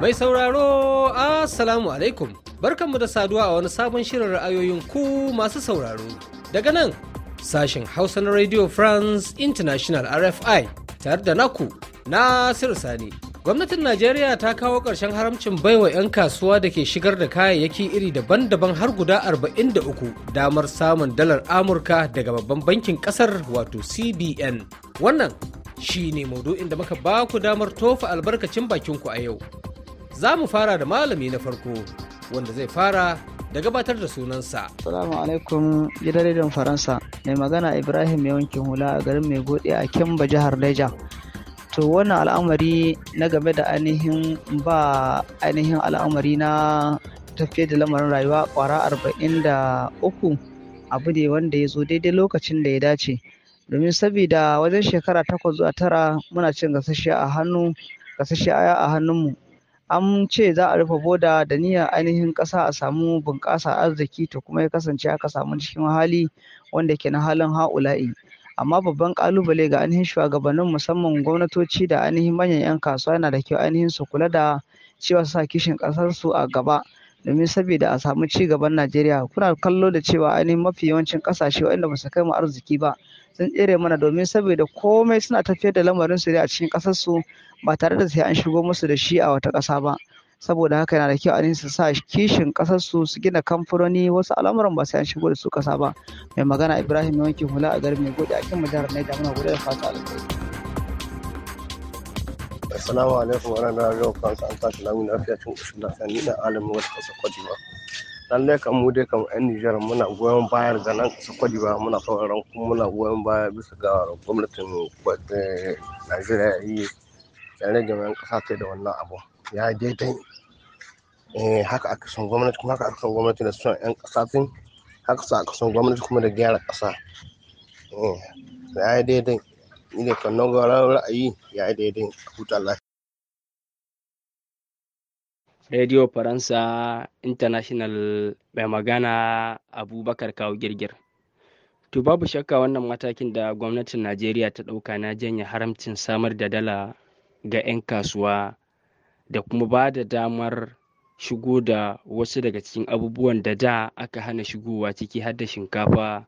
Mai sauraro, Assalamu alaikum. Barkanmu da saduwa a wani sabon shirin ra'ayoyin ku masu sauraro. Daga nan, sashen Hausa na Radio France International RFI tare da naku Nasiru Sani. Gwamnatin Najeriya ta kawo ƙarshen haramcin baiwa 'yan kasuwa da ke shigar da kayayyaki iri daban-daban har guda 43 damar samun dalar Amurka daga babban bankin ƙasar wato CBN. Wannan shi ne maudu'in da muka ba ku damar tofa albarkacin bakinku a yau. Za mu fara da malami na farko wanda zai fara da gabatar da sunansa. Salamu alaikum gidan rediyon Faransa mai magana Ibrahim ya wankin hula a garin mai gode a Kimba jihar Leja. To wannan al'amari na game da ainihin ba ainihin al'amari na tafiye da lamarin rayuwa kwara arba'in da uku abu ne wanda ya zo daidai lokacin da ya dace. domin sabida wajen shekara takwas zuwa tara muna cin gasashe a hannu gasashe aya a hannunmu an ce za a rufe boda da niyyar ainihin ƙasa a samu bunƙasa arziki to kuma ya kasance aka samu cikin hali wanda ke na halin ha'ula'i amma babban ƙalubale ga ainihin shugabannin musamman gwamnatoci da ainihin manyan 'yan kasuwa yana da kyau ainihin su kula da cewa sa kishin ƙasarsu a gaba domin saboda a samu ci gaban Najeriya kuna kallo da cewa ainihin mafi yawancin ƙasashe waɗanda ba su kai mu arziki ba sun tsere mana domin saboda komai suna tafiyar da lamarin su ne a cikin ƙasar su ba tare da sai an shigo musu da shi a wata ƙasa ba saboda haka yana da kyau a su sa kishin ƙasar su su gina kamfanoni wasu al'amuran ba sai an shigo da su ƙasa ba mai magana ibrahim yawanki hula a garin mai gode a kan jihar naija muna gode da fata alkhairi Assalamu alaikum wa rahmatullahi wa barakatuh. An tashi lamun lafiya cikin ƙoshin lafiya ni na alamin wasu ƙasar Kwadiwa. lallai kan mu dai kan yan Nijar muna goyon bayar da nan ƙasar Cote d'Ivoire muna sauraron kuma muna goyon baya bisa ga gwamnatin eh, Najeriya yi tare da yan ƙasa ta da wannan abu ya daidai eh haka aka san gwamnati kuma haka aka san gwamnati da son yan ƙasa sun haka sa aka san gwamnati kuma da gyara ƙasa eh ya daidai ni da kan nan ra'ayi ya daidai huta lafiya Radio Faransa International mai magana Abubakar Kawo Girgir. To babu shakka wannan matakin da gwamnatin Najeriya ta ɗauka na janye haramcin samar da dala ga 'yan kasuwa da kuma ba da damar shigo da wasu daga cikin abubuwan da da aka hana shigowa ciki har da shinkafa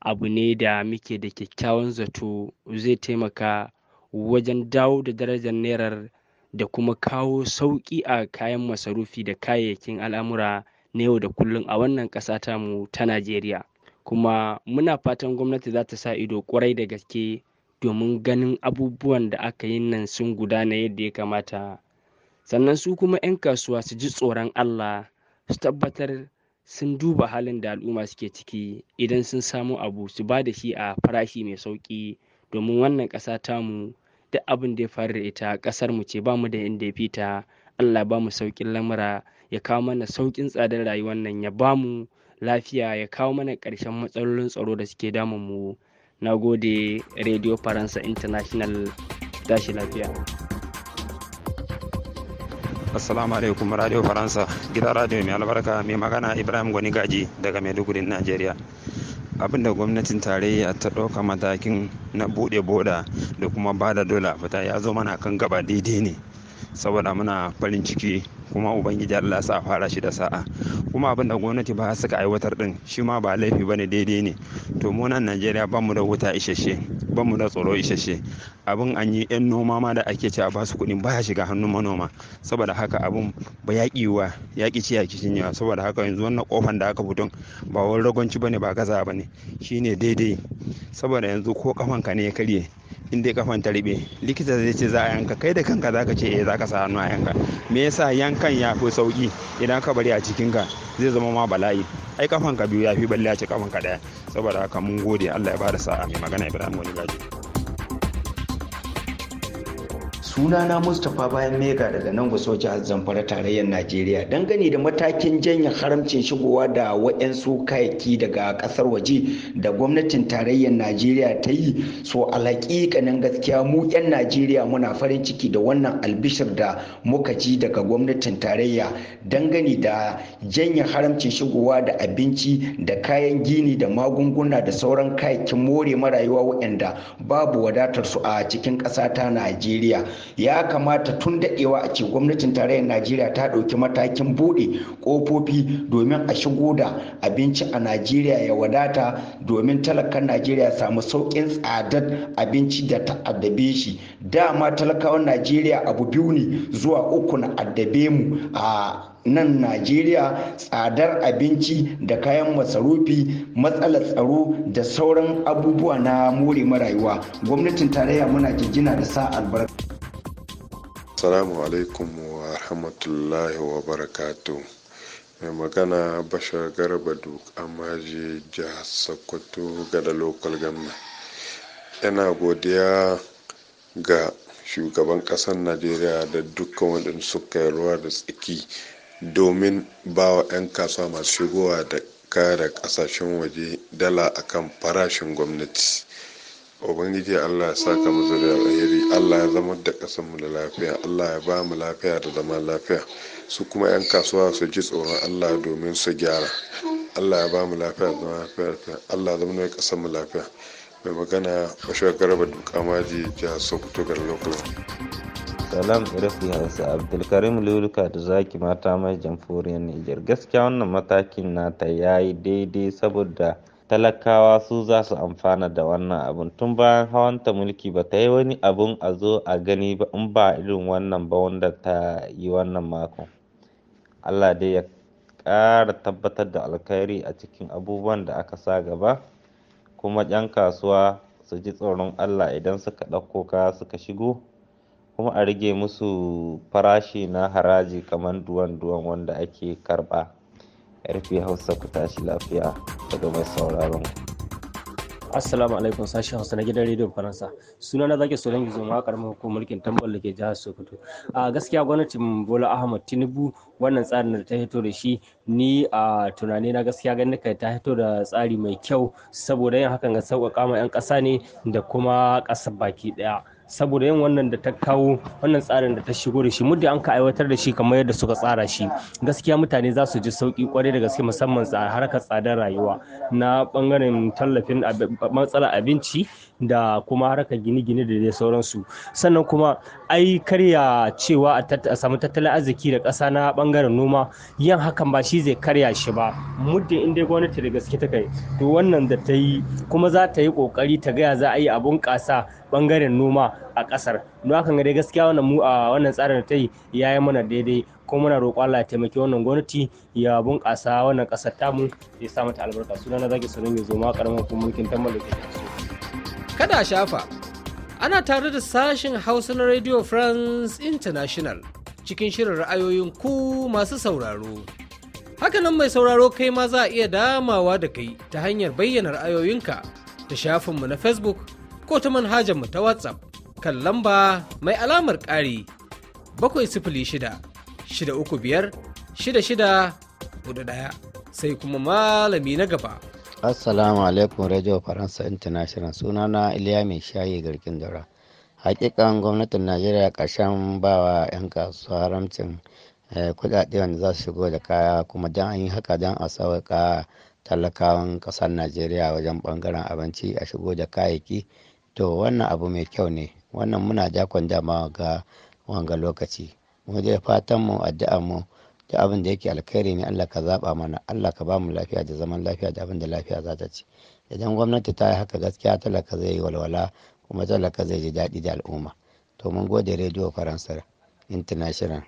abu ne da muke da kyakkyawan zato zai taimaka wajen dawo da darajar nerar da kuma kawo sauƙi a kayan masarufi da kayayyakin al'amura na yau da kullum a wannan ƙasa mu ta Najeriya. Kuma muna fatan gwamnati za ta sa ido ƙwarai da gaske domin ganin abubuwan da aka yi nan sun gudana yadda ya kamata. Sannan su kuma 'yan kasuwa su ji tsoron Allah su tabbatar sun duba halin da al'umma suke ciki idan sun samo abu su ba da shi a farashi mai sauƙi domin wannan ƙasa mu. duk abin da ya faru da ita kasar mu ce bamu da inda ya fita Allah ba mu saukin lamura ya kawo mana saukin tsadar rayuwar nan ya ba mu lafiya ya kawo mana karshen matsalolin tsaro da suke damun mu nagode gode radio faransa international tashi lafiya assalamu alaikum radio faransa gida radio mai albarka mai magana ibrahim gwani gaji daga maiduguri nigeria abin da gwamnatin tarayya ta ɗauka matakin na buɗe boda da kuma ba da dola fita ya zo mana kan gaba daidai ne saboda muna farin ciki kuma ubangiji Allah sa fara shi da sa'a kuma abinda gwamnati ba suka aiwatar din shi ma ba laifi bane daidai ne to mu nan Najeriya ba mu da wuta isasshe ba mu da tsoro isasshe abin an yi yan noma ma da ake cewa ba su ba baya shiga hannun manoma saboda haka abin ba ya kiwa yaƙi ci yaƙi cin yawa saboda haka yanzu wannan kofan da aka fito ba wani ragonci bane ba gaza bane shine daidai saboda yanzu ko kafanka ne ya karye in dai kafan ta riɓe likita zai ce za a yanka kai da kanka zaka ce eh zaka sa hannu a yanka me yasa yankan ya fi sauki idan ka bari a cikin ka zai zama ma bala'i ai kafan ka biyu ya fi balle a ce kafan ka daya saboda haka mun gode Allah ya bada sa'a mai magana Ibrahim Wani Gaji sunana mustapha bayan mega daga nan soja jihar zamfara tarayyar najeriya dangane da matakin janye haramcin shigowa da wa'yansu kayaki daga kasar waje da gwamnatin tarayyar najeriya ta yi so alaƙiƙanin gaskiya mu 'yan najeriya muna farin ciki da wannan albishir da muka ji daga gwamnatin tarayya dangane da janye haramcin shigowa da abinci da kayan gini da magunguna da sauran kayakin more marayuwa waɗanda babu wadatar su a cikin ƙasa ta najeriya ya kamata tun daɗewa a ce gwamnatin tarayyar najeriya ta ɗauki matakin buɗe ƙofofi domin a shigo da abinci a najeriya ya wadata domin talakan najeriya samu sauƙin tsadar abinci da ta addabe shi dama talakawan najeriya abu biyu ne zuwa uku na addabe mu a nan najeriya tsadar abinci da kayan masarufi matsalar tsaro da sauran abubuwa na more marayuwa. gwamnatin tarayya muna jijjina da sa albarka Salamu alaikum wa rahmatullahi wa barakatu. Mai magana Bashar Garba Duk Amaje jihar Sokoto gada lokal gamma. Yana godiya ga shugaban kasar Najeriya da dukkan waɗanda suka yi ruwa da tsaki domin ba wa 'yan kasuwa masu shigowa da kaya da ƙasashen waje dala akan farashin gwamnati. ubangiji allah ya saka mu zuriya alheri allah ya zama da kasan mu da lafiya allah ya ba mu lafiya da zama lafiya su kuma 'yan kasuwa su ji tsoron allah domin su gyara allah ya ba mu lafiya da zama lafiya allah ya zama da kasan mu lafiya mai magana bashar garba dukamaji jihar sokoto gar lokacin salam irafi hausa abdulkarim luluka da zaki mata mai jamforiyar niger gaskiya wannan matakin na ta yayi daidai saboda talakawa su za su amfana da wannan abun tun bayan hawan ta mulki ba ta yi wani abun a zo a gani ba in ba irin wannan ba wanda ta yi wannan mako allah dai ya ƙara tabbatar da alkhairi a cikin abubuwan da aka sa gaba kuma 'yan kasuwa su ji tsoron allah idan suka ɗauko kaya suka shigo kuma a rage musu farashi na haraji kamar duwan-duwan wanda ake karɓa. rfi hausa ku tashi lafiya daga mai sauraron assalamu alaikum sashen hausa na gidan rediyon faransa suna na zaki solan gizo ma karamin hukumar mulkin tambal da ke jihar sokoto a gaskiya gwamnatin bola ahmad tinubu wannan tsarin da ta hito da shi ni a tunani na gaskiya ganin kai ta hito da tsari mai kyau saboda yin hakan ga sauƙaƙa ma 'yan ƙasa ne da kuma ƙasa baki ɗaya saboda yin wannan da ta kawo wannan tsarin da ta shigo da shi muddin an ka aiwatar da shi kamar yadda suka tsara shi gaskiya mutane za su ji sauki kwarai da gaske musamman harkar tsadar rayuwa na bangaren tallafin matsalar abinci da kuma harkar gine-gine da dai sauransu sannan kuma ai karya cewa a samu tattalin arziki da ƙasa na ɓangaren noma yin hakan ba shi zai karya shi ba muddin inda gwamnati da gaske ta kai to wannan da ta yi kuma za ta yi ƙoƙari ta gaya za a yi a bunƙasa ɓangaren noma a ƙasar don haka dai gaskiya wannan mu a wannan tsarin da ta yi ya yi mana daidai kuma muna roƙo Allah ya taimaki wannan gwamnati ya bunƙasa wannan ƙasar tamu ya sa mata albarka sunana zaki sanin mai zoma, ma ƙaramin hukumar mulkin tambar da ke Kada shafa, ana tare da sashin Hausa na Radio France International cikin shirin ra'ayoyin ku masu sauraro. Hakanan mai sauraro kai ma za a iya damawa da kai ta hanyar bayyana ra'ayoyinka ta shafinmu na Facebook ko ta manhajar mu ta WhatsApp kan lamba mai alamar ƙari bakwai sifili shida shida uku biyar shida shida hudu ɗaya sai kuma malami na gaba. assalamu alaikum radio faransa international suna na iliya mai shayi garkin dara hakikan gwamnatin najeriya ƙarshen bawa 'yan kasuwa haramcin eh, kudade wanda za su shigo da kaya kuma don an yi haka don a sauƙa talakawan ƙasar najeriya wajen ɓangaren abinci a shigo da kayayyaki to wannan abu mai kyau ne wannan muna jakon dama ga wanga lokaci mu je fatan mu addu'a mu da abin da yake alkhairi ne Allah ka zaba mana Allah ka bamu lafiya da zaman lafiya da abin da lafiya za ta ci idan gwamnati ta yi haka gaskiya talaka zai yi walwala kuma talaka zai ji daɗi da al'umma to mun gode rediyo faransa international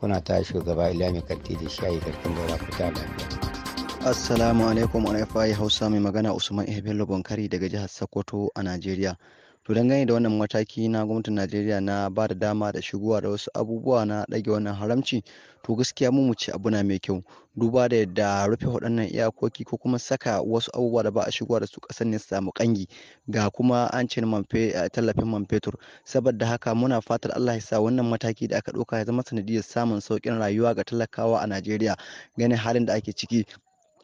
kuna ta shugaba ilami kanti da shayi da daura fita lafiya assalamu alaikum wa hausa mai magana usman ihbello bonkari daga jihar sokoto a nigeria. to dangane da wannan mataki na gwamnatin najeriya na ba da dama da shigowa da wasu abubuwa na ɗage wannan haramci to gaskiya mu mu ce abu na mai kyau duba da yadda rufe waɗannan iyakoki ko kuma saka wasu abubuwa da ba a shigowa da su ƙasar ne su samu ƙangi ga kuma an ce eh, tallafin man fetur saboda haka muna fatar allah ya sa wannan mataki da aka ɗauka ya zama sanadiyar samun sauƙin rayuwa ga talakawa a najeriya ganin halin da ake ciki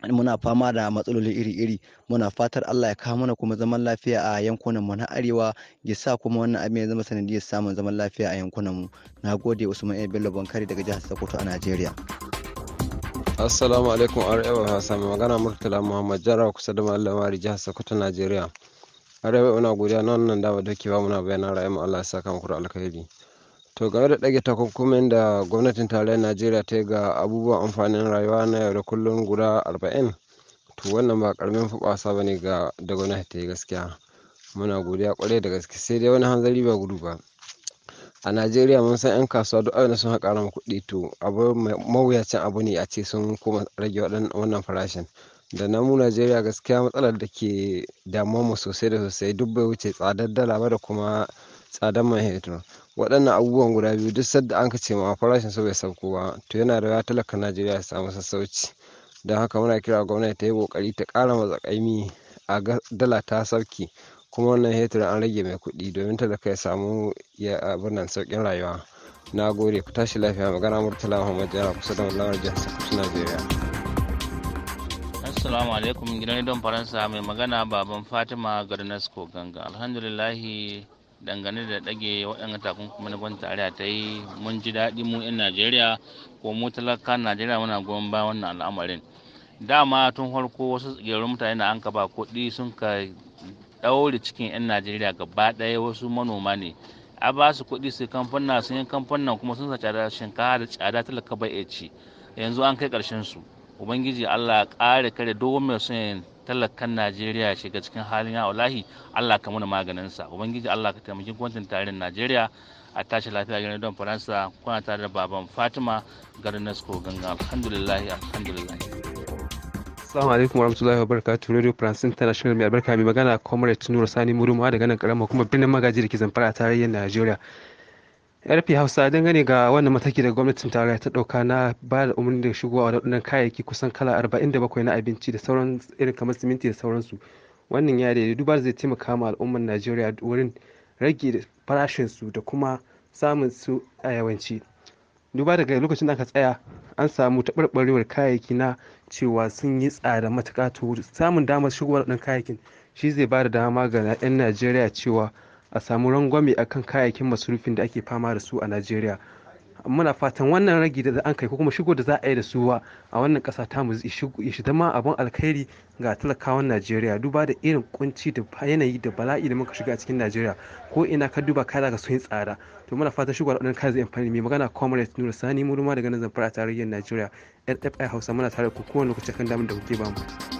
muna fama da matsaloli iri-iri muna fatar Allah ya kawo mana kuma zaman lafiya a yankunan mu na arewa ya sa kuma wannan abin ya zama sanadiyar samun zaman lafiya a yankunan mu na gode Usman Bello Bankari daga jihar Sokoto a Najeriya Assalamu alaikum Arewa Hausa sami magana Murtala Muhammad Jara kusa da Mallamari jihar Sokoto Najeriya RFA ina godiya na wannan dama da ke ba muna bayanan rayuwar Allah ya saka muku kura alkhairi to game da ɗage takunkumin da gwamnatin tarayyar najeriya ta yi ga abubuwan amfanin rayuwa na yau da kullum guda arba'in to wannan ba karamin fuɓasa ba ne ga da gwamnati ta yi gaskiya muna godiya kwarai da gaske sai dai wani hanzari ba gudu ba a najeriya mun san 'yan kasuwa duk abin sun haƙa mu kuɗi to abu mawuyacin abu ne a ce sun kuma rage wannan farashin da na mu najeriya gaskiya matsalar da ke damuwa mu sosai da sosai duk bai wuce tsadar dala ba da kuma tsadar man fetur waɗannan abubuwan guda biyu duk sadda an ce ma farashin sau bai sauko ba to yana da ya talaka najeriya ya samu sassauci don haka muna kira gwamnati ta yi kokari ta ƙara matsakaimi a dala ta sauki kuma wannan hetura an rage mai kuɗi domin talaka ya samu ya abunan sauƙin rayuwa na gore ku tashi lafiya magana murtala muhammad jana kusa da wallawar jihar sokoto najeriya assalamu alaikum gidan don faransa mai magana baban fatima garinasko ganga alhamdulillahi dangane da ɗage waɗannan takunkumi na gwamnati tarayya ta yi mun ji daɗi mu 'yan najeriya ko mu talaka najeriya muna goyon bayan wannan al'amarin dama tun farko wasu tsagerun mutane na an ba kuɗi sun ka ɗaure cikin 'yan najeriya gaba ɗaya wasu manoma ne a ba su kuɗi su kamfanna sun yi kamfanna kuma sun sa shinkafa da tsada talaka bai ci yanzu an kai ƙarshen su ubangiji allah ƙara kare duk mai son talakan najeriya shiga cikin halin ya wallahi allah ka muna maganinsa ubangiji allah ka taimaki gwamnatin tarihin najeriya a tashi lafiya garin don faransa kuna tare da baban fatima garin nasko ganga alhamdulillah alhamdulillah Assalamu alaikum wa wabarakatuh Radio France International mai albarka mai magana Comrade Nura Sani Murumawa daga nan karamar hukumar birnin magaji da ke zamfara a tarayyar Najeriya. rp hausa dangane ga wannan mataki da gwamnatin tarayya ta dauka na ba da umarni da shigowa a wadannan kayayyaki kusan kala 47 na abinci da sauran irin kamar siminti da sauransu wannan ya daidai duba zai taimaka ma al'ummar najeriya wurin rage farashinsu da kuma samun su a yawanci duba daga lokacin da aka tsaya an samu taɓarɓarewar kayayyaki na cewa sun yi tsada matuƙa to samun damar shigowar ɗan kayayyakin shi zai ba da dama ga 'yan najeriya cewa a samu rangwame kan kayayyakin masurufin da ake fama da su a najeriya muna fatan wannan ragi da an kai ko kuma shigo da za a yi da su a wannan kasa ta mu ya shi zama abin alkhairi ga talakawan najeriya duba da irin kunci da yanayi da bala'i da muka shiga a cikin najeriya ko ina ka duba ka daga sun tsada to muna fatan shigo da wannan kai zai amfani mai magana comrade nura sani mu ma daga nan zamfara tarayyar najeriya rfi hausa muna tare da ku kowane lokaci kan damar da kuke bamu.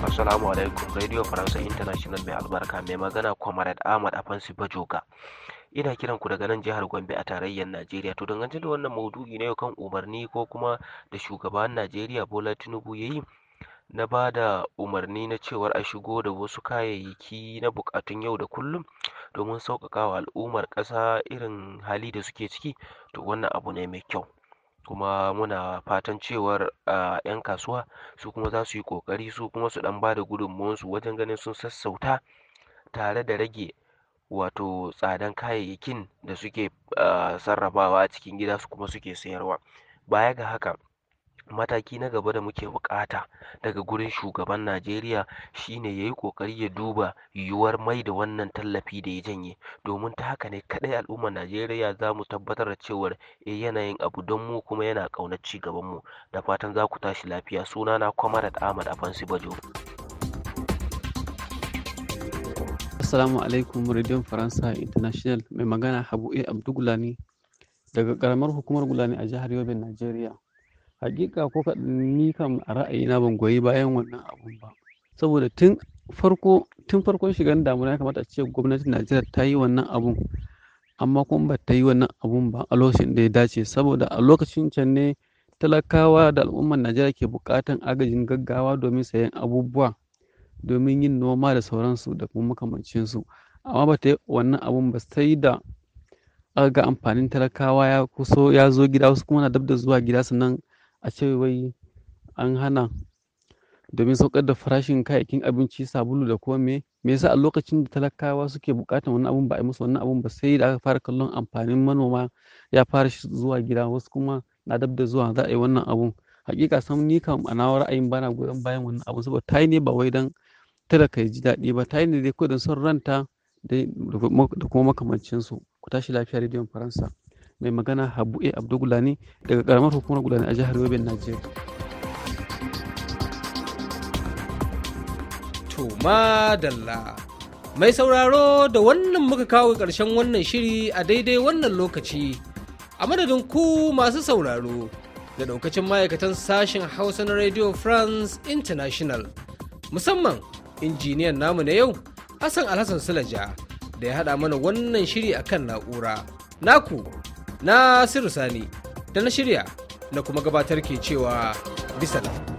Assalamu alaikum Radio Faransa International mai albarka mai magana Comrade Ahmad Afansi Bajoga. Ina kiran ku daga nan jihar Gombe a tarayyar Najeriya to dangance da wannan maudu'i ne kan umarni ko kuma da shugaban Najeriya Bola Tinubu yayi na ba da umarni na cewar a shigo da wasu kayayyaki na bukatun yau da kullum domin sauƙaƙa wa al'ummar ƙasa irin hali da suke ciki to wannan abu ne mai kyau. kuma muna fatan cewar 'yan kasuwa su kuma za su yi ƙoƙari su kuma su ɗan bada da gudunmuwansu wajen ganin sun sassauta tare da rage wato tsadan kayayyakin da suke sarrafawa a cikin gida su kuma suke sayarwa baya ga haka mataki na gaba da muke bukata daga gurin shugaban Najeriya shine ya yi ƙoƙari ya duba yiwuwar mai da wannan tallafi da ya janye domin ta haka ne kaɗai al'ummar Najeriya za mu tabbatar da cewar e yanayin abu don mu kuma yana ƙaunar ci mu da fatan za ku tashi lafiya suna sunana Kwamarat Ahmad Afansi Bajo. Assalamu alaikum Radio Faransa International mai magana Habu A daga ƙaramar hukumar Gulani a jihar Yobe Najeriya. hakika ko ka ni kam a na ban goyi bayan wannan abun ba saboda tun farko tun farkon shigar damuna ya kamata a ce gwamnatin najeriya ta yi wannan abun amma kuma ba ta yi wannan abun ba a lokacin da ya dace saboda a lokacin can ne talakawa da al'ummar najeriya ke bukatan agajin gaggawa domin sayan abubuwa domin yin noma da sauransu da kuma su amma ba ta yi wannan abun ba sai da aka ga amfanin talakawa ya kuso ya zo gida wasu kuma na dab da zuwa gida sannan a ce wai an hana domin saukar da farashin kayayyakin abinci sabulu da kuma me me yasa a lokacin da talakawa suke buƙatar wannan abun ba a yi musu wannan abun ba sai da aka fara kallon amfanin manoma ya fara zuwa gida wasu kuma na dab da zuwa za a yi wannan abun hakika sam ni kam a nawa ra'ayin bana goyon bayan wannan abun saboda ta yi ne ba wai dan talaka ya ji daɗi ba ta yi ne dai kawai don son ranta da kuma makamancinsu ku tashi lafiya rediyon faransa mai magana habu a abdugulani daga karamar hukumar gudanar a jihar yobin najeriya to madalla mai sauraro da wannan muka kawo ƙarshen wannan shiri a daidai wannan lokaci a madadin ku masu sauraro da daukacin ma'aikatan sashen hausa na radio france international musamman injiniyan namu na yau hassan alhassan sulaja da ya haɗa mana wannan shiri a kan na'ura naku Nasiru Sani da na shirya na kuma gabatar ke cewa bisa